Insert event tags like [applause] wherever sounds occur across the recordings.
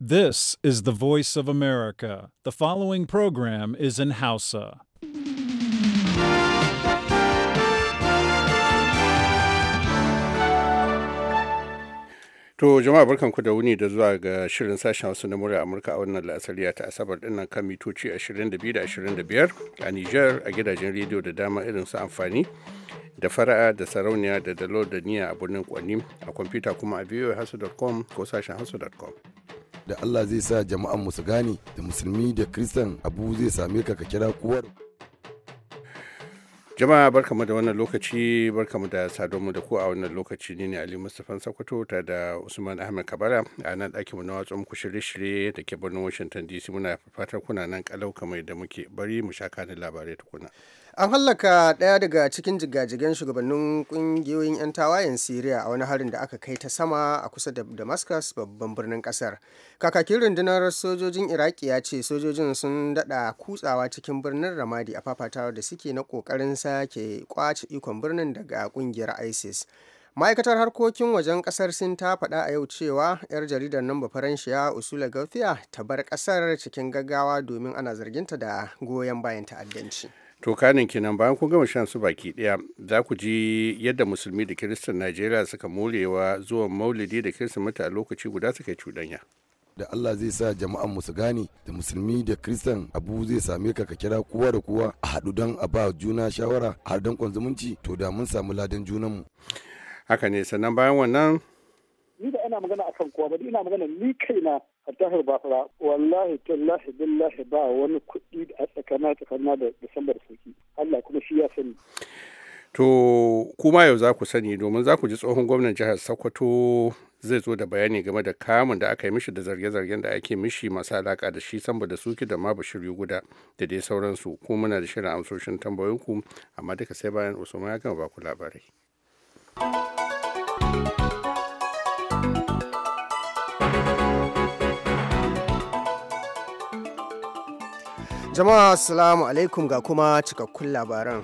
This is the voice of America. The following program is in Hausa. To jama'a barkanku da wuni da zuwa ga shirin sashen Hausa na murya Amurka a wannan la'asariya ta Asabar dinnan kan mitoci 22 da 25 a Nijar a gidajen rediyo da dama irin su amfani da fara'a da sarauniya da dalo da niya a birnin Kwani a kwamfuta kuma a hasu.com ko sashen hasu.com. da Allah zai sa jama'an mu su gane da musulmi da kristan abu zai same ka ka kira kuwar. jama'a barkamu da wannan lokaci barkamu da saduwa da ku a wannan lokaci ne ne ali mustafan sakwato ta da usman ahmed kabara a nan ɗakinmu na watsa muku shirye-shirye da ke birnin washington dc muna fatar kuna nan kalau kamar da muke bari mu sha kanin labarai tukuna. an hallaka ɗaya daga cikin jigajigan shugabannin ƙungiyoyin 'yan tawayen syria a wani harin da aka kai ta sama a kusa da damascus babban birnin ƙasar kakakin rundunar sojojin iraki ya ce sojojin sun daɗa kutsawa cikin birnin ramadi a fafatawa da suke na ƙoƙarin sake kwace ikon birnin daga ƙungiyar isis ma'aikatar harkokin wajen kasar sin ta faɗa a yau cewa 'yar jaridar nan faranshiya usula gauthier ta bar ƙasar cikin gaggawa domin ana zarginta da goyon bayan ta'addanci to kanin kenan bayan kun gama shan su baki daya za ku ji yadda musulmi da kiristan najeriya suka molewa zuwan maulidi da kirsimeti a lokaci guda suka yi cuɗanya da Allah zai sa jama'an mu su gane da musulmi da kristan abu zai same ka ka kira kowa da kowa a haɗu don a ba juna shawara a haɗu don kwanzumunci to da mun samu ladan junanmu. haka ne sannan bayan wannan ni da ina magana akan kowa ba ina magana ni kaina a Attahir Bafara wallahi tallahi billahi ba wani kuɗi a tsakana tsakana da Disambar Sarki. Allah kuma shi ya sani. To kuma yau za ku sani domin za ku ji tsohon gwamnan jihar Sokoto zai zo da bayani game da kamun da aka yi mishi da zarge-zargen da ake mishi masu alaka da shi samba da suki da ma bashir guda da dai sauransu ko muna da shirin amsoshin tambayoyinku amma duka sai bayan usman ya gama ba ku labarai. Jama'a Assalamu alaikum ga kuma cikakkun labaran.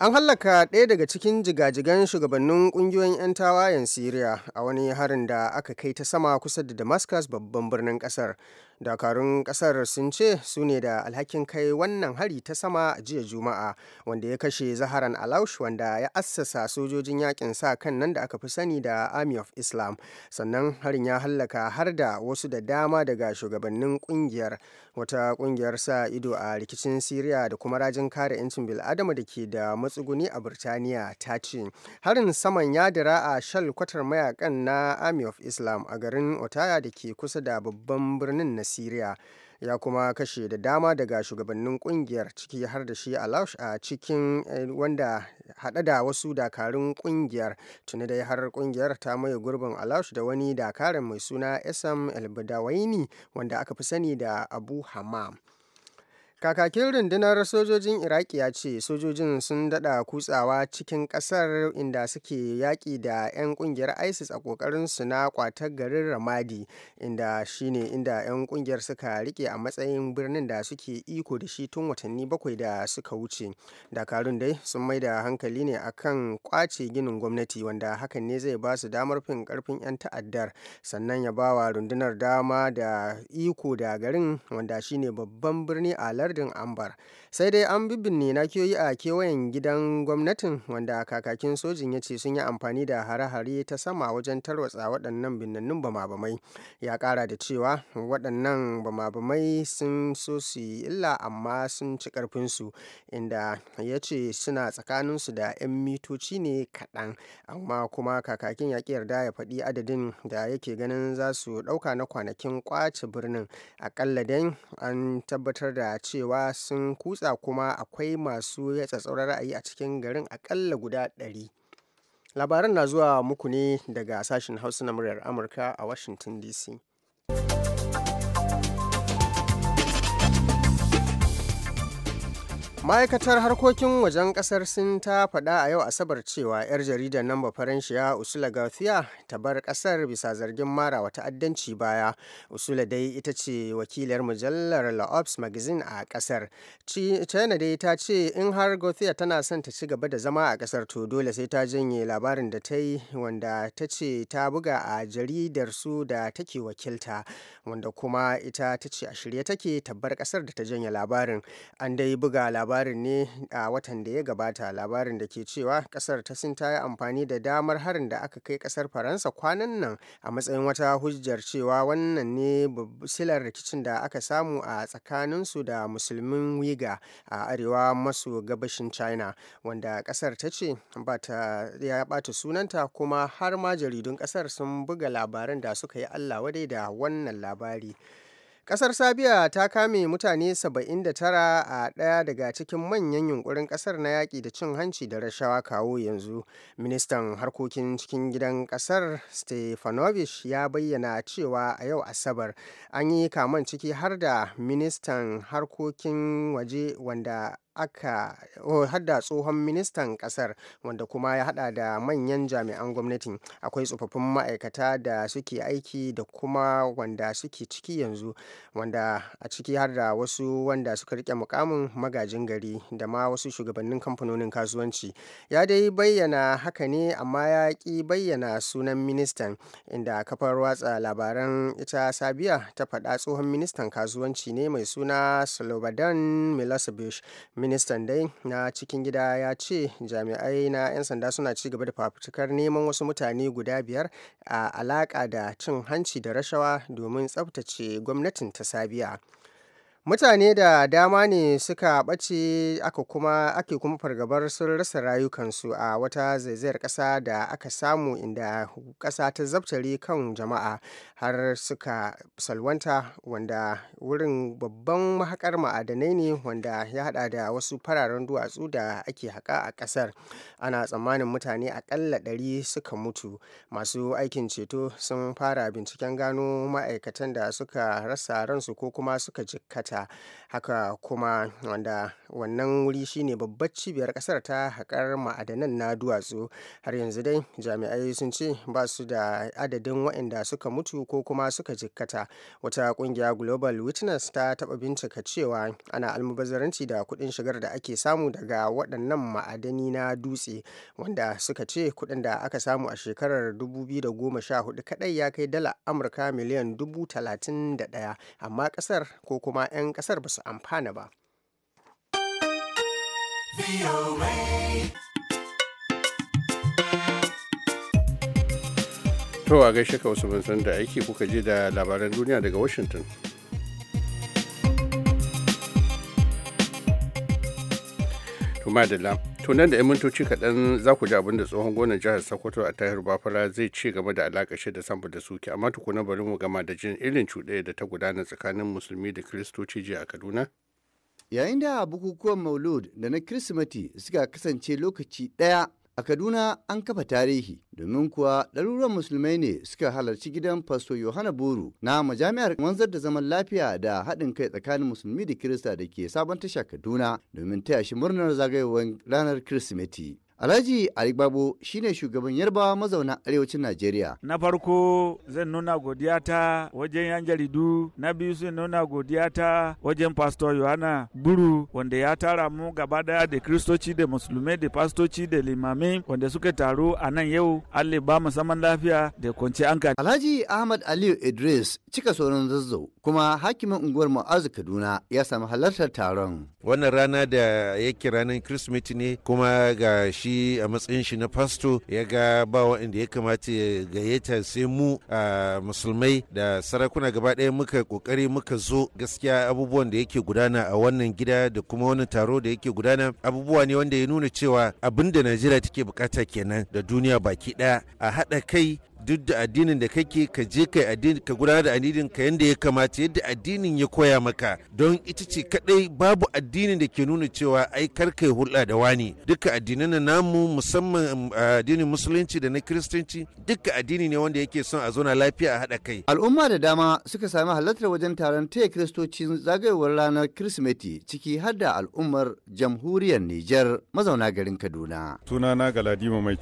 An hallaka ɗaya daga cikin jigajigan shugabannin ƙungiyoyin 'yan tawayen Siriya a wani harin da aka kai ta sama kusa da Damascus babban birnin ƙasar. dakarun ƙasar sun ce su ne da alhakin kai wannan hari ta sama a jiya juma'a wanda ya kashe zaharan alaush wanda ya assasa sojojin yakin sa kan nan da aka fi sani da army of islam sannan harin ya hallaka har da wasu da dama daga shugabannin ƙungiyar. wata kungiyar sa ido a rikicin siriya da kuma rajin kare 'yancin bil'adama da ke da matsuguni a birtaniya ta ce harin saman ya dira a shal kwatar mayakan na army of islam a garin otaya da ke kusa da babban birnin na siriya ya kuma kashe da dama daga shugabannin kungiyar ciki har da shi laush a cikin eh, wanda haɗe da wasu dakarun kungiyar tuni dai har kungiyar ta maye gurbin alaush da wani dakarin mai suna sm el wanda aka fi sani da abu hamam Kakakin rundunar sojojin Iraki ya ce sojojin sun dada kutsawa cikin kasar inda suke yaƙi da 'yan ƙungiyar ISIS a su na kwatar garin Ramadi inda shine inda 'yan ƙungiyar suka rike a matsayin birnin da suke iko da shi tun watanni bakwai da suka wuce. Dakarun dai sun mai da hankali ne akan ƙwace ginin gwamnati wanda hakan ne zai ba su damar fin karfin 'yan ta'addar sannan ya ba wa rundunar dama da iko da garin wanda shine babban birni a lardin ambar sai dai an bibbinne nakiyoyi a kewayen gidan gwamnatin wanda kakakin sojin ya ce sun yi amfani da hare-hare ta sama wajen tarwatsa waɗannan binnannun bamabamai ya kara da cewa waɗannan bamabamai sun so su yi illa amma sun ci ƙarfinsu inda ya ce suna tsakaninsu da 'yan mitoci ne kaɗan amma kuma kakakin ya yarda ya faɗi adadin da yake ganin za su ɗauka na kwanakin ƙwace birnin aƙalla dai an tabbatar da ce cewa sun kutsa kuma akwai masu yatsa tsatsauran ra'ayi a cikin garin akalla guda ɗari. labaran na zuwa muku ne daga sashen hausa na muryar amurka a washington dc ma'aikatar harkokin wajen kasar sun ta faɗa a yau asabar cewa 'yar jaridar nan bafaranshiya usula garcia ta bar kasar bisa zargin mara wa ta'addanci baya usula dai ita ce wakilar mujallar la ops magazine a kasar china dai ta ce in har garcia tana son ta ci gaba da zama a kasar to dole sai ta janye labarin da ta yi wanda ta ce ta buga a jaridar su da take wakilta wanda kuma ita ta ce a shirye take tabbar kasar da ta janye labarin an dai buga labarin labarin ne a watan da ya gabata labarin da ke cewa kasar ta sun ta yi amfani da damar harin da aka kai kasar faransa kwanan nan a matsayin wata hujjar cewa wannan ne silar rikicin da aka samu a tsakaninsu da musulmin wiga a arewa maso gabashin china wanda kasar ta ce ya bata sunanta kuma har ma jaridun kasar sun buga labarin da suka yi allah wadai da wannan labari. Ƙasar Sabiya ta kame mutane 79 a ɗaya daga cikin manyan yunkurin ƙasar na yaƙi da cin hanci da rashawa kawo yanzu. Ministan harkokin cikin gidan Ƙasar, Stefanovic ya bayyana cewa a yau Asabar an yi kaman ciki har da ministan harkokin waje wanda aka hada tsohon ministan kasar wanda kuma ya hada da manyan jami'an gwamnati akwai tsofaffin ma'aikata da suke aiki da kuma wanda suke ciki yanzu wanda a ciki har da wasu wanda suka rike mukamin magajin gari da ma wasu shugabannin kamfanonin kasuwanci ya dai bayyana haka ne amma ya ki bayyana sunan ministan inda kafar watsa labaran ita sabiya ta faɗa tsohon ministan kasuwanci ne mai suna slobodan milosevic ministan dai na cikin gida ya ce jami'ai na 'yan sanda suna ci gaba da fafutukar neman wasu mutane guda biyar a alaka da cin hanci da rashawa domin tsabtace gwamnatin ta sabiya mutane da dama ne suka ɓace aka kuma ake kuma fargabar sun rasa rayukansu a wata zaizayar ƙasa da aka samu inda ƙasa ta zabtare kan jama'a har suka salwanta wanda wurin babban mahakar ma'adanai ne wanda ya hada da wasu fararen duwatsu da ake haƙa a ƙasar ana tsammanin mutane aƙalla ɗari suka mutu masu aikin ceto sun fara binciken gano ma'aikatan da suka rasa ransu ko kuma suka jikkata ƙasa haka kuma wanda wannan wuri shine babbar cibiyar ƙasar ta hakar ma'adanan na duwatsu har yanzu dai jami'ai sun ce ba su da adadin waɗanda suka mutu ko kuma suka jikkata wata ƙungiya global witness ta taba bincika cewa ana almubazzaranci da kuɗin shigar da ake samu daga waɗannan ma'adani na dutse wanda suka ce kuɗin da aka samu a shekarar 2014 kaɗai ya kai dala amurka miliyan ɗaya amma ƙasar ko kuma 'yan kasar ba su amfana ba. To a gaishe ka wasu san da aiki kuka je da labaran duniya daga Washington. Tuma da to nan da 'yan mintoci kaɗan za ku ji abin da tsohon gonar jihar sokoto a tahir bafara zai ci gaba da alaƙa da samba da suke amma tukuna bari mu gama da jin irin cuɗaya da ta gudana tsakanin musulmi da kiristoci jiya a kaduna yayin da bukukuwan maulud da na kirsimati suka kasance lokaci ɗaya A Kaduna an kafa tarihi domin kuwa ɗaruruwan musulmai ne suka halarci gidan Fasto Yohana buru na majami'ar wanzar da zaman lafiya da haɗin kai tsakanin musulmi da Kirista da ke sabon tasha Kaduna domin taya shi murnar zagayowar ranar Kirsimeti. Alhaji Arigbabo shine shugaban Yarbawa mazauna arewacin Najeriya. Na farko zan nuna godiya ta wajen yan jaridu, na biyu zan nuna godiya ta wajen Pastor Yohana Buru wanda ya tara mu gaba daya da Kristoci da Musulmai da Pastoci da Limamai wanda suka taru a nan yau Allah ba mu saman lafiya da kwanci anka. Alhaji Ahmad Aliyu Idris cika sauran zazzau kuma hakimin unguwar Mu'azu Kaduna ya samu halartar taron. Wannan rana da yake ranar Kirsimeti ne kuma ga shi shi a matsayin shi na fasto ya ga ba waɗanda ya kamata ya gayyata sai mu a musulmai da sarakuna gaba ɗaya muka kokari muka zo gaskiya abubuwan da yake gudana a wannan gida da kuma wani taro da yake gudana abubuwa ne wanda ya nuna cewa abin da najeriya take bukata kenan da duniya baki ɗaya a haɗa kai duk da addinin da kake ka je kai addini ka gudanar da addinin ka yanda ya kamata yadda addinin ya koya maka don ita ce kadai babu addinin da ke nuna cewa ai kar kai hulɗa da wani duka addinan na namu musamman um, addinin musulunci da na kiristanci duka addini ne wanda yake son a zauna lafiya a haɗa kai al'umma da dama suka sami halartar wajen taron taya kiristocin zagayowar ranar kirsimeti ciki har da al'ummar jamhuriyar Nijar mazauna garin Kaduna tunana Galadima Mai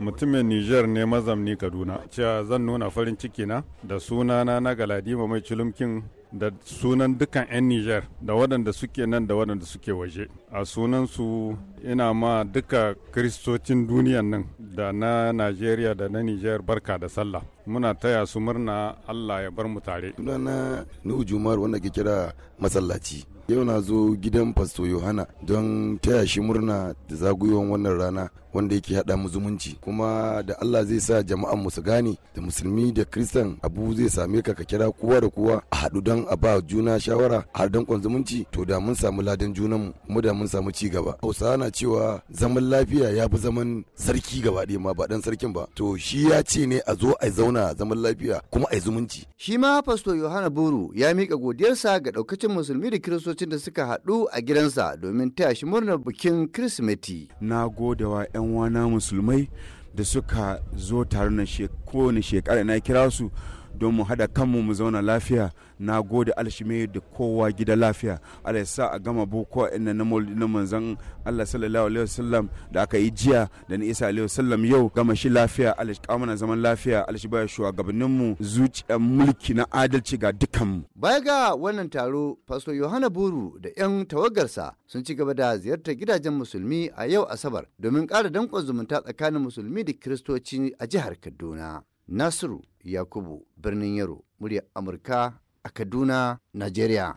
mutumin Nijar ne mazamni Kaduna cewa zan nuna farin ciki na da sunana na galadima mai cilumkin da sunan dukkan 'yan Nijar da waɗanda suke nan da waɗanda suke waje a sunansu ina ma duka kristocin duniyan nan da na Najeriya da na Nijar barka da sallah muna taya su murna Allah ya bar mu tare sunana na Ujumar wanda ke kira masallaci yau na zo gidan Pasto Yohana don taya shi murna da zagayowar wannan rana wanda yake haɗa mu zumunci kuma da Allah zai sa jama'an mu su gane da musulmi da kristan abu zai same ka ka kira kowa da kowa a hadu don a ba juna shawara a hadan dankon zumunci to da mun samu ladan mu kuma da mun samu ci gaba hausa na cewa zaman lafiya ya fi zaman sarki gaba ɗaya ma ba dan sarkin ba to shi ya ce ne a zo a zauna zaman lafiya kuma a zumunci shi ma fasto yohana buru ya miƙa godiyarsa ga ɗaukacin musulmi da kiristocin da suka haɗu a gidansa domin taya shi murnar bikin kirismeti. na godewa 'yan 'yan uwana musulmai da suka zo taron kowane shekara na kira su don mu hada kanmu mu zauna lafiya na gode alshime da kowa gida lafiya Allah ya sa a gama boko inna na na manzon Allah sallallahu alaihi wasallam da aka yi jiya da na Isa alaihi wasallam yau gama shi lafiya Allah kamana zaman lafiya Allah shi baya shugabannin mu zuciyar mulki na adalci ga dukan mu baya ga wannan taro pastor Yohana Buru da yan tawagarsa sun ci gaba da ziyartar gidajen musulmi a yau asabar domin ƙara danƙon zumunta tsakanin musulmi da kiristoci a jihar Kaduna Nasiru Yakubu birnin Yaro murya Amurka a Kaduna, Najeriya.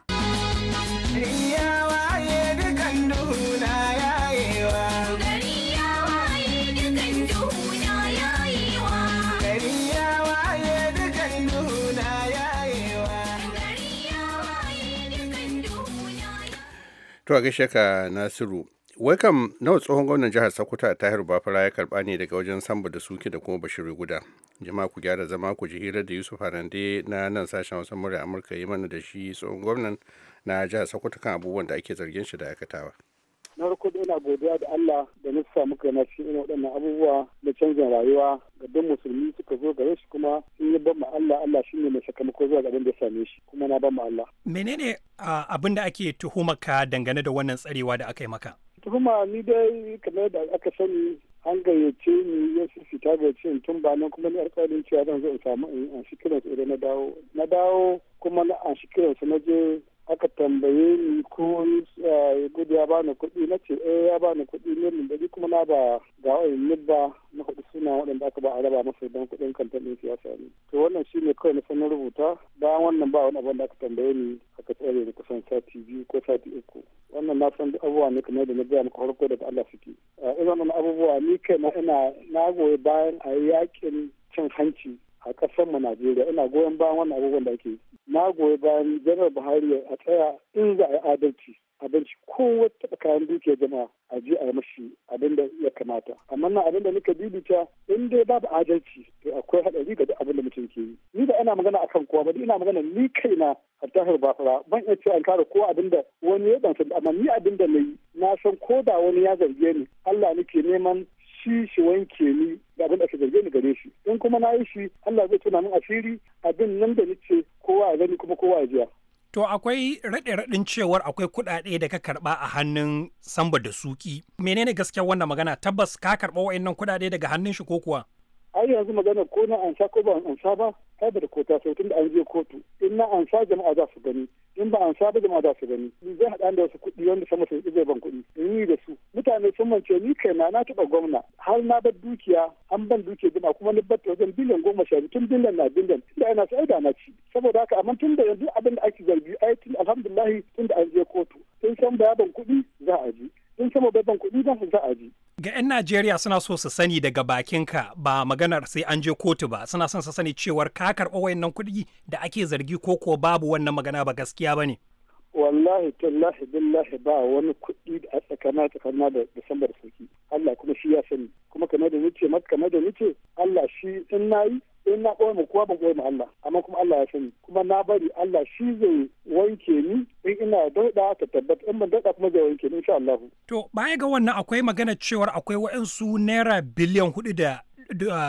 To a gaishe ka Nasiru wakam na nawa tsohon gwamnan jihar sokoto a tahir bafara ya karba ne daga wajen samba da suke da kuma bashiru guda jama'a ku gyara zama ku ji hira da yusuf harande na nan sashen wasan murya amurka yi mana da shi tsohon gwamnan na jihar sokoto kan abubuwan da ake zargin shi da aikatawa na farko da ina godiya da Allah da na samu kaina shi irin waɗannan abubuwa na canjin rayuwa ga duk musulmi suka zo gare shi kuma sun yi ban Allah Allah shi ne mai sakamako zuwa gaban da same shi kuma na ban Allah. Menene ah, abin da ake tuhumaka dangane da wannan tsarewa da aka yi maka? tuhuma ni dai kamar da aka sani an gayyace ni ya fita ta gayyace tun ba nan kuma ni alƙalin cewa zan zo in samu in shi kiransu idan na dawo na dawo kuma na an shi kiransu na je aka tambaye ni ko eh, gudu ya bani kuɗi na ce eh ya bani kuɗi mun kuma na ba ga wa'in nibba na kuɗi suna waɗanda aka ba a raba masa don kuɗin kantan siyasa ne to wannan shi ne kawai na sanar rubuta bayan wannan ba wani abin da aka tambaye ni aka tsare ni kusan sati biyu ko sati uku wannan na san abubuwa ne kamar da na gaya maka farko daga Allah suke eh, irin wannan abubuwa ni kai na ina na goyi bayan a yakin cin hanci a ƙasarmu Najeriya ina goyon bayan wannan abubuwan da ake Na goyi bayan Janar Buhari a tsaya in za a yi adalci abinci ko wata kayan dukiyar jama'a a je a yi mashi abin da ya kamata. Amma na abin da nika bibita in dai babu adalci to akwai haɗari ga abin da mutum ke yi. Ni da ina magana akan kowa ba ina magana ni kaina a tahar bafara ban iya cewa an kare ko abin da wani ya ban amma ni abin da na yi na san ko da wani ya zarge ni Allah nake neman shi shi wanke ni da abin da aka zarge ni gare shi in kuma na yi shi Allah zai tuna min asiri abin nan da nace kowa ya gani kuma kowa ya jiya To akwai raɗe-raɗin cewar akwai kuɗaɗe da ka karɓa a hannun samba da suki. Menene gaskiyar wannan magana tabbas ka karɓa wa'annan kuɗaɗe daga hannun shi ko kuwa? ai yanzu magana ko na ansa ko ba ansa ba ai da da kota sau tun da an je kotu in na ansa jama'a za su gani in ba ansa ba jama'a za su gani ni zai haɗa da wasu kuɗi wanda sama su zai ban kuɗi ni da su mutane sun mance ni kai na na taɓa gwamna har na bar dukiya an ban dukiya jama'a kuma ni bar wajen biliyan goma sha tun biliyan na biliyan tun da ana sai da na ci saboda haka amma tun da yanzu abin da ake zargi ai tun alhamdulillah tun da an je kotu sun san bayan kuɗi za a ji in sama babban kuɗi ba su za a ji. Ga 'yan Najeriya suna so su sani daga bakinka ba maganar sai an je kotu ba suna son su sani cewar ka karɓa wayannan kuɗi da ake zargi ko ko babu wannan magana ba gaskiya ba ne. Wallahi tallahi billahi ba wani kuɗi da a tsakana tsakana da Disambar sauki. Allah kuma shi ya sani kuma kamar da nice da nice Allah shi in nayi in na ɓoye mu kowa ban ɓoye mu Allah amma kuma Allah ya sani kuma na bari Allah shi zai wanke ni in ina dauɗa ta tabbata in ban dauɗa kuma zai wanke ni insha Allah. To baya ga wannan akwai magana cewar akwai waɗansu naira biliyan hudu da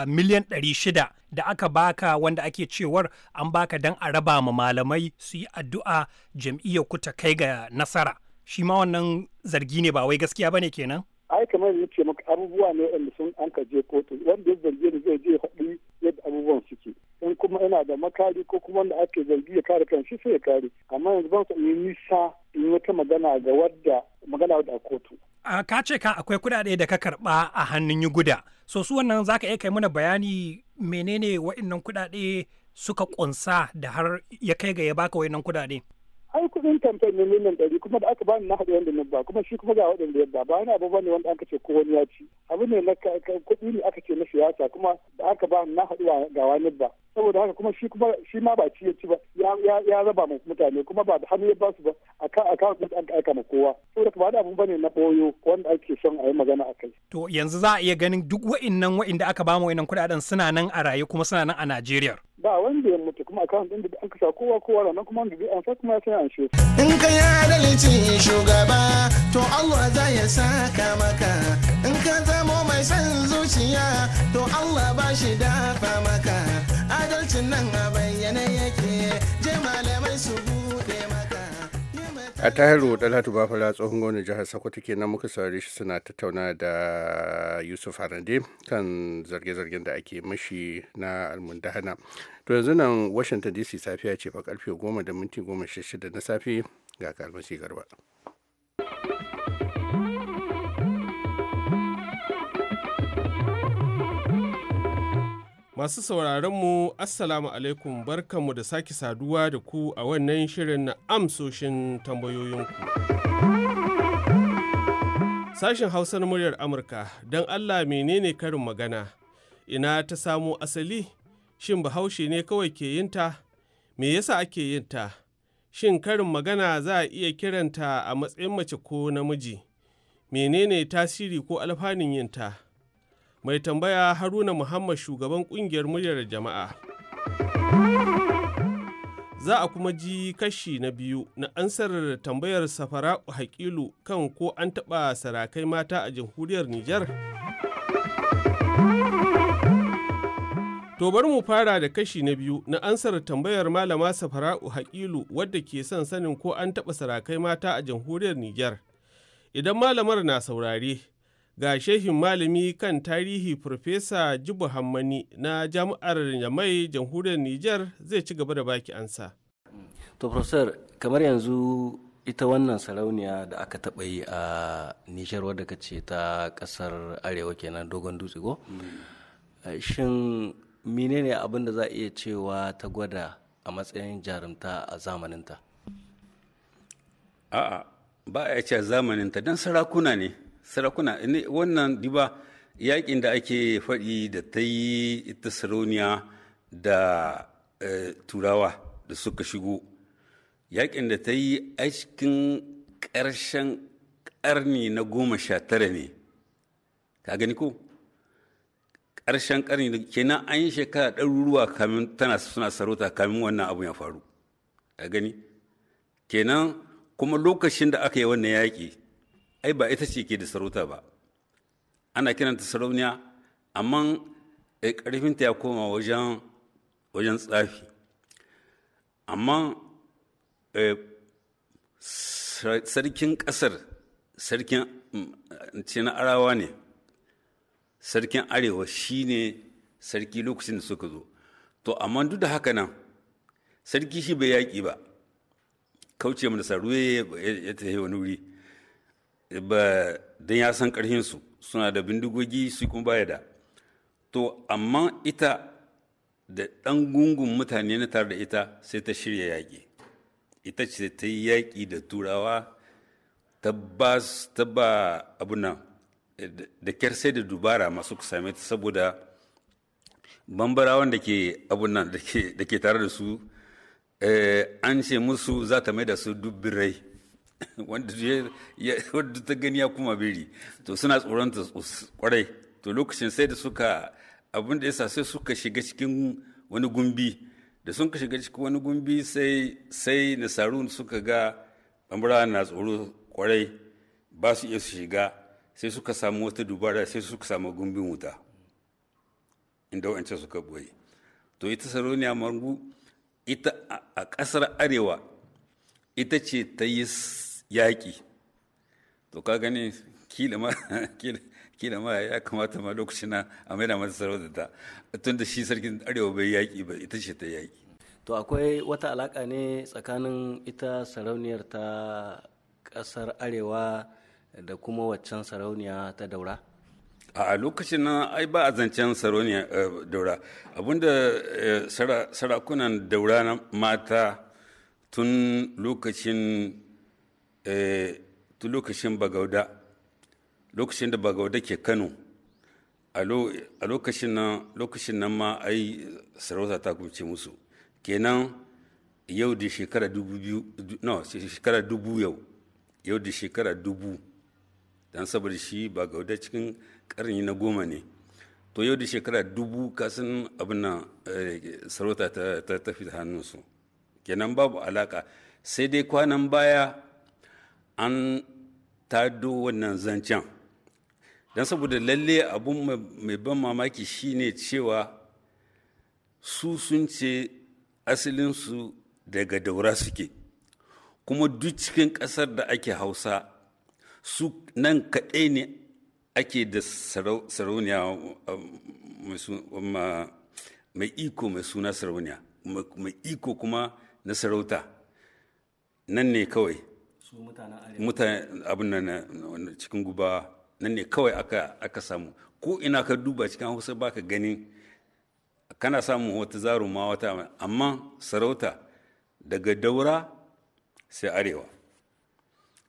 miliyan ɗari shida da aka baka wanda ake cewar an baka dan a raba ma malamai su yi addu'a jam'iyyar ku ta kai ga nasara shi ma wannan zargi ne ba wai gaskiya bane kenan ai kamar yace maka abubuwa ne wanda sun an ka je kotu wanda ya zargi ne zai je faɗi yadda abubuwan suke in kuma yana da makari ko kuma wanda ake zargi ya kare shi sai ya kare amma yanzu ban sa yi nisa in wata magana ga wadda magana wadda kotu a ka ce ka akwai kudade da ka karba a hannun yi guda so su wannan zaka iya kai mana bayani menene wa'annan kudade suka kunsa da har ya kai ga ya baka wa'annan kudade. ai kuɗin kamfen ne miliyan ɗari kuma da aka bani na haɗa wanda na ba kuma shi kuma ga waɗanda ya ba ba abu bane wanda aka ce ko wani ya ci abu ne na kuɗi ne aka ce na siyasa kuma da aka bani na haɗu ga wani ba saboda haka kuma shi kuma shi ma ba ci ya ci ba ya raba mu mutane kuma ba da hannu ya basu ba a aka kuma an aika ma kowa saboda ba da abu bane na koyo wanda ake son a yi magana a kai to yanzu za a iya ganin duk wa'innan wa'inda aka ba mu wa'innan kuɗaɗen suna nan a raye kuma suna nan a Najeriya ba wanda ya mutu kuma akawun ɗin da an kasa kowa kowa ranar kuma wanda an sa kuma sai an shi. In ka yi adalci shugaba to Allah za ya saka maka in ka zamo mai son zuciya to Allah ba shi dafa maka adalcin nan a bayyane yake je malamai su a tahiru dalatu bafala tsohon gwamnan jihar sokoto nan muka saurari shi suna tattauna da yusuf harande kan zarge-zargen da ake mashi na almundahana to yanzu nan washington dc safiya ce fa karfe goma da minti goma na safe ga kalmasi garba Masu sauraronmu, Assalamu alaikum barkanmu da sake saduwa da ku a wannan shirin na amsoshin tambayoyinku. Sashen Hausa na muryar Amurka, don Allah menene karin magana, ina ta samo asali, shin bahaushe ne kawai ke yinta, me yasa ake yinta, shin karin magana za a iya kiranta a matsayin mace ko namiji, menene tasiri ko alfanun yinta. mai tambaya haruna muhammad shugaban kungiyar muryar jama'a za a kuma ji kashi na biyu na ansar tambayar safara'u haƙilu kan ko an taɓa sarakai mata a jamhuriyar nijar To bari mu fara da kashi na biyu na ansar tambayar malama Safara'u Haƙilu wadda ke son sanin ko an taɓa sarakai mata a jamhuriyar Nijar. Idan malamar na saurare, ga shehin malami kan tarihi Profesa Jibu Hammani na jami'ar Yamai jamhuriyar Nijar zai ci gaba da baki ansa. To, Profesor, kamar yanzu ita wannan sarauniya da aka taɓa yi a Nijar wadda ka ce ta ƙasar Arewa kenan dogon dutse ko? Mm. Shin menene abin da za a iya cewa ta gwada a matsayin jarumta a zamaninta? A'a, ba a iya ce zamaninta don sarakuna ne. sarakuna wannan diba yakin da ake faɗi da ta yi ita Saroniya da eh, turawa da suka shigo yakin da ta yi a cikin ƙarshen ƙarni na goma sha tara ne ka gani ko ƙarshen ƙarni kenan an yi shekara ɗaruruwa kamin tana suna sarauta kamin wannan abu ya faru Ka gani kenan kuma lokacin da aka yi wannan yaƙi ai ba ita ce ke da sarauta ba ana kiranta sarauniya amma eh, ƙarfinta ya koma wajen tsafi amma eh, sarkin ƙasar sarkin mm, ce na arawa ne sarkin arewa shi ne sarki lokacin da suka zo to amma duk da haka nan sarki shi bai yaƙi ba kauce mana saruwe ya tafi wani wuri ba don ya san ƙarhinsu suna da bindigogi su kuma baya da to amma ita da ɗan gungun mutane na tare da ita sai ta shirya yaƙi ita ce ta yi yaƙi da turawa ta ba da kyar da dubara masu kusame ta saboda bambarawan da ke abun nan da ke tare da su eh, an ce musu za ta mai da su rai [coughs] [coughs] wanda ta gani ya kuma beri to suna tsoronta kwarai to lokacin sai da suka abin da yasa sai suka shiga cikin wani gumbi da sun ka shiga cikin wani gumbi sai sai nasaru suka ga bambara na tsoro kwarai ba su iya su shiga sai suka samu wata dubara sai suka samu gumbin wuta inda wancan suka boye to ita saroniya margu ita a ƙasar arewa ita ce ta yi yaƙi to ka gani kila ma [laughs] ya kamata ma lokacin na a maida mata sarauta ta tun da shi sarkin arewa bai yaƙi ba ita ce ta yaƙi to akwai wata alaƙa ne tsakanin ita sarauniyar ta ƙasar arewa da kuma waccan sarauniya ta daura a lokacin nan ai ba a zancen sarauniya eh, daura abinda eh, sarakunan daura na mata tun lokacin Eh, tun lokacin bagauda lokacin da bagauda ke kano a lokacin nan lokacin nan ma yi sarauta ta kumce musu kenan yau da shekara dubu biyu no shekara dubu yau yau da shekara dubu don saboda shi Bagauda cikin karni na goma ne to yau da shekara dubu kasan abin eh, sarauta ta tafi hannunsu kenan babu alaka sai dai kwanan baya an tado wannan zancen don saboda lalle abun mai ban mamaki shine cewa su sun ce asalinsu daga daura suke kuma duk cikin ƙasar da ake hausa su nan kaɗai ne ake da sarauniya um, um, uh, mai iko mai suna sarauniya mai iko kuma na sarauta nan ne kawai mutanen abin nan cikin guba nan ne kawai aka, aka samu ko ina ka duba cikin hausa baka ganin kana samun wata zaruma wata amma sarauta daga daura sai arewa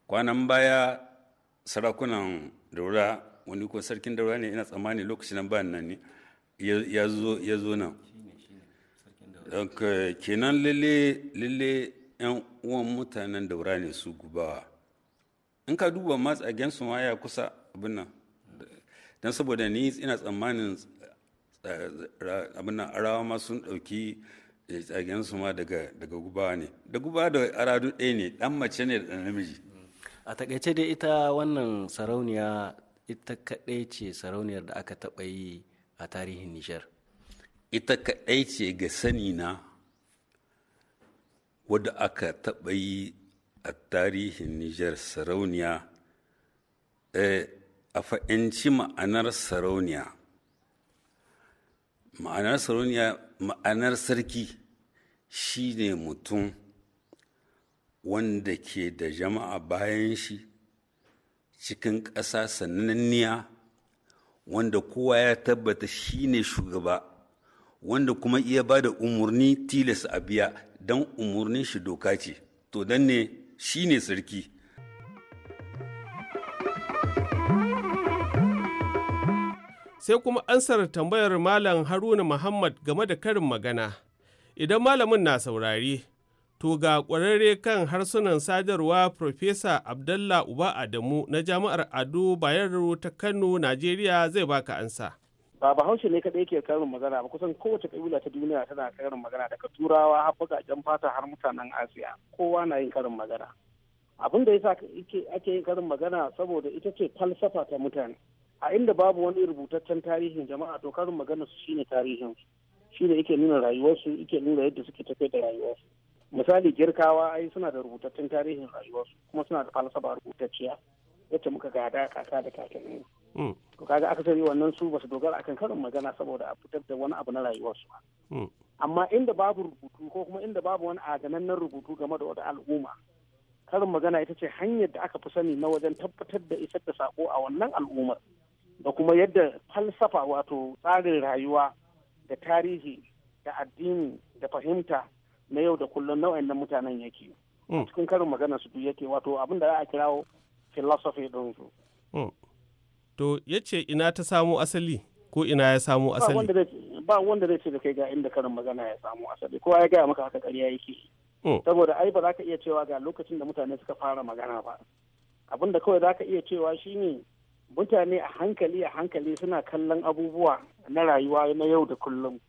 kwanan baya sarakunan daura wani ko sarkin daura ne ina tsammani lokacin nan bayan nan ne ya zo nan kenan lalle 'yan uwan mutanen daura ne su gubawa in ka duba su ma ya kusa abin nan don saboda ni ina tsammanin eh, abin nan arawa ma sun ɗauki eh, su ma daga gubawa ne da gubawa da aradu ɗaya ne ɗan mace ne da namiji a takaice dai ita wannan sarauniya ita kaɗai ce sarauniyar da aka taɓa yi a tarihin nijar ita kaɗai ce ga sani na wadda aka taɓa yi a tarihin Nijar sarauniya eh, a fa'inci ma'anar sarauniya ma'anar sarauniya ma'anar sarki shi ne mutum wanda ke da jama'a bayan shi cikin ƙasa sananniya wanda kowa ya tabbata shi ne shugaba wanda kuma iya ba da umarni tilas a biya don umarnin shi doka ce to dan ne shi ne sarki sai kuma ansar tambayar malam haruna muhammad game da karin magana idan malamin na saurari to ga ƙwararre kan harsunan sadarwa Profesa abdallah uba adamu na jami'ar ado bayero ta kano najeriya zai baka ansa ba bahaushe ne kadai ke karin magana ba kusan kowace kabila ta duniya tana karin magana daga turawa har bakaken fata har mutanen asiya kowa na yin karin magana abin da yasa ake yin karin magana saboda ita ce falsafa ta mutane a inda babu wani rubutaccen tarihin jama'a to karin magana su shine tarihin shine yake nuna rayuwarsu yake nuna yadda suke tafiya da rayuwarsu misali girkawa ai suna da rubutaccen tarihin rayuwarsu kuma suna da falsafa rubutacciya wacce muka gada kaka da kakanni hmm. to kaga sani wannan su basu dogara akan karin magana saboda a fitar da wani abu na rayuwarsu hmm. amma inda babu rubutu ko kuma inda babu wani aganannen rubutu game da wata al'umma karin magana ita ce hanyar da aka fi sani na wajen tabbatar da isar da sako a wannan al'ummar da kuma yadda falsafa wato tsarin rayuwa da tarihi da addini da fahimta na yau da kullum nau'in na mutanen yake hmm. cikin karin magana su yake wato abin da za a kirawo philosophy su. Oh. To ya ce ina ta samu asali ko ina ya samu asali? Ba wanda zai ce da kai ga inda karin magana ya samu asali kowa ya gaya maka haka ƙarya yake. Oh. Saboda ai ba za ka iya cewa ga lokacin da mutane suka fara magana ba. Abin da kawai za ka iya cewa shi ne mutane a hankali a hankali suna kallon abubuwa na rayuwa na yau da kullum.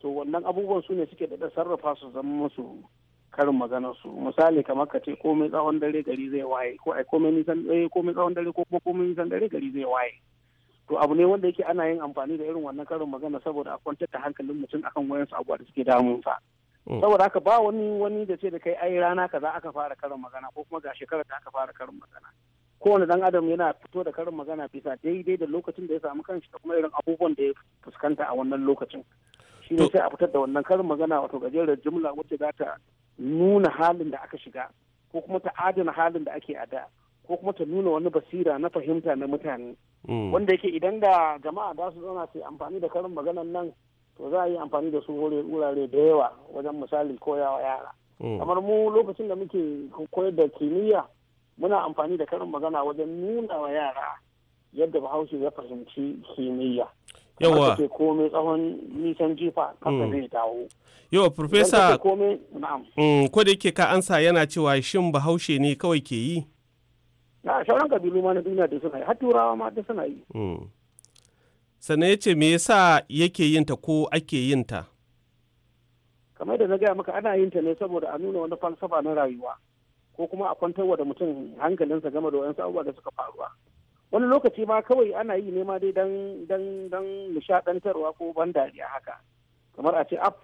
To wannan abubuwan su ne suke da sarrafa su zama musu karin magana su misali kamar ka ce komai tsawon dare gari zai waye ko ai komai nisan dare eh, komai tsawon dare ko kuma komai nisan dare gari zai waye to abu ne wanda yake ana yin amfani da irin wannan karin magana saboda a kwantar da hankalin mutum akan wayansu abuwa da suke damunsa oh. saboda haka ba wani wani da ce da kai ai rana kaza aka fara karin magana ko kuma ga shekara da aka fara karin magana kowane dan adam yana fito da karin magana bisa daidai da lokacin da ya samu kanshi da kuma irin abubuwan da ya fuskanta a wannan lokacin shi ne sai a fitar da wannan karin magana wato gajerar jumla wacce za ta nuna halin da aka shiga ko kuma ta adana halin da ake a da ko kuma ta nuna wani basira na fahimta na mutane mm. wanda yake idan da jama'a za su zauna su amfani da karin maganan nan to za a yi amfani da su wurare da yawa wajen misali koyawa yara mm. kamar mu lokacin da muke koyar da kimiyya muna amfani da karin magana wajen nuna wa yara yadda bahaushe ya fahimci kimiyya yawa ke komai tsawon nisan jifa kasa mm. zai dawo yawa profesa mm, ko da yake ka ansa yana cewa shin bahaushe ne kawai ke yi na sauran kabilu ma na duniya da suna yi har turawa ma da suna yi mm. sannan ya ce me yasa yake yin ta ko ake yin ta kamar da na gaya maka ana yin ta ne saboda a nuna wani falsafa na rayuwa ko kuma a kwantarwa da mutum hankalinsa game da wayansu abubuwa da suka faruwa wani lokaci ma kawai ana yi nema dai dan dan dan nishadantarwa ko ban dariya haka kamar a ce up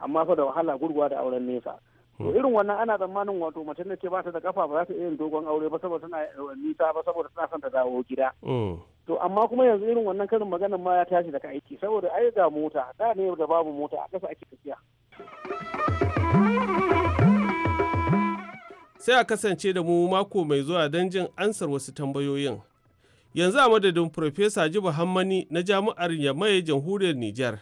amma fa da wahala gurguwa da auren nesa to hmm. irin wannan ana zamanin wato mace ne ce ba ta da kafa ba za ta iya dogon aure ba saboda tana eh, nisa ba saboda tana son ta dawo gida hmm. to amma kuma yanzu irin wannan karin maganar ma ya tashi daga aiki saboda ai ga mota da ne da babu mota a kasa ake tafiya sai a kasance da mu mako mai zuwa don jin ansar wasu tambayoyin yanzu a madadin Profesa Jibu Hammani na jami'ar Yamai jamhuriyar Nijar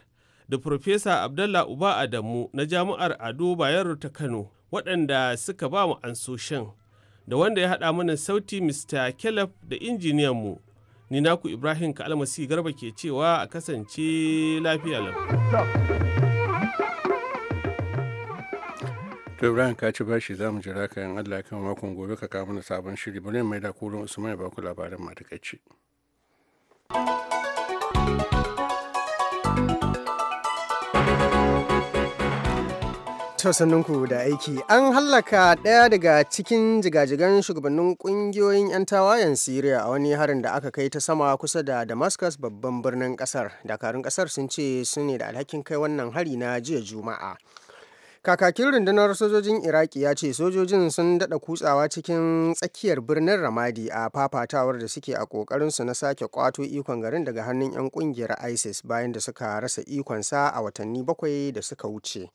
da Profesa Abdallah Uba Adamu na jami'ar Ado Bayero ta Kano waɗanda suka ba mu ansoshin da wanda ya haɗa mana sauti Mr. Caleb da injiniyan mu. Ni naku Ibrahim Kalmasi Garba ke cewa a kasance lafiya lafiya. to ibrahim ka ci bashi za mu jira kayan yin allah kan makon gobe ka kawo mana sabon shiri bari mai da kurin usman ya baku labarin matakaici sannunku da aiki an hallaka ɗaya daga cikin jigajigan shugabannin ƙungiyoyin 'yan tawayen syria a wani harin da aka kai ta sama kusa da damascus babban birnin ƙasar dakarun ƙasar sun ce su ne da alhakin kai wannan hari na jiya juma'a kakakin rundunar sojojin iraki ya ce sojojin sun daɗa kutsawa cikin tsakiyar birnin ramadi a fafatawar da suke a su na sake kwato ikon garin daga hannun 'yan ƙungiyar isis bayan da suka rasa ikonsa a watanni bakwai da suka wuce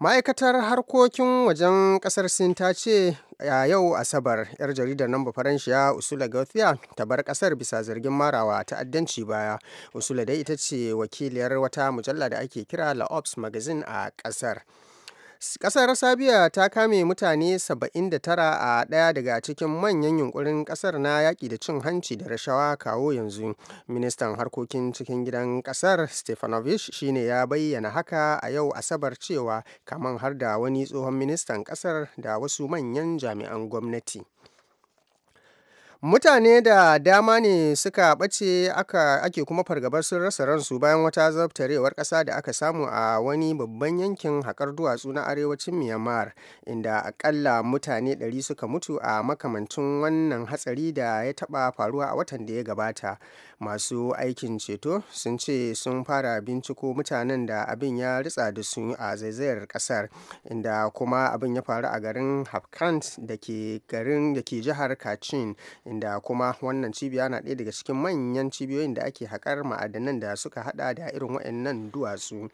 ma'aikatar harkokin wajen kasar sin ta ce a yau asabar yar jaridar nan faranshiya usula gauthier ta bar kasar bisa zargin marawa ta'addanci baya usula dai ita ce wakiliyar wata mujalla da ake kira la ops magazine a kasar Kasar Sabiya ta kame mutane 79 a ɗaya daga cikin manyan yunkurin kasar na yaki da cin hanci da rashawa kawo yanzu. Ministan harkokin cikin gidan kasar Stefanovic shine ya bayyana haka a yau Asabar cewa kaman har da wani tsohon ministan kasar da wasu manyan jami'an gwamnati. mutane da dama ne suka ɓace ake kuma fargabar sun rasa ransu bayan wata zaftarewar ƙasa da aka samu a wani babban yankin haƙar duwatsu na arewacin myanmar inda akalla mutane 100 suka mutu a makamancin wannan hatsari da ya taɓa faruwa a watan da ya gabata masu aikin ceto sun ce sun fara binciko mutanen da abin ya ritsa da su a zaizayar ƙasar inda kuma abin ya faru a garin hapkant da ke jihar kachin inda kuma wannan cibiya na ɗaya daga cikin manyan cibiyoyin da ake haƙar ma'adanan da suka haɗa da irin waɗannan duwatsu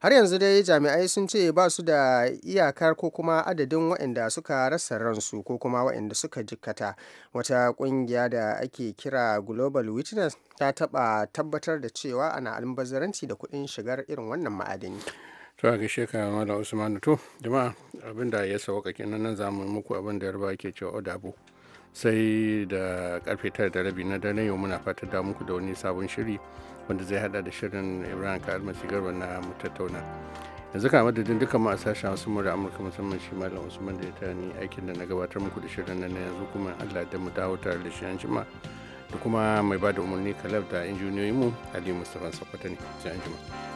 har yanzu dai jami'ai sun ce ba su da iyakar ko kuma adadin waɗanda suka rasa ransu ko kuma waɗanda suka jikkata wata ƙungiya da ake kira global witness ta taɓa tabbatar da cewa ana albazaranci da kuɗin shigar irin wannan ma'adani to ga gaishe ka mala usman to jama'a abinda ya sauka kenan nan zamu muku abinda yarba ke cewa oda abu sai da karfe tara da rabi na dare yau muna fatan da muku da wani sabon shiri wanda zai hada da shirin ibrahim ka almasi garba na mutattauna yanzu ka madadin dukkan ma a sashen wasu mura amurka musamman shi malam usman da ya ta ni aikin da na gabatar muku da shirin nan yanzu kuma allah da mu dawo tare da shi an jima da kuma mai bada da umarni kalab da injiniyoyinmu ali mustafa sakwata ne sai an jima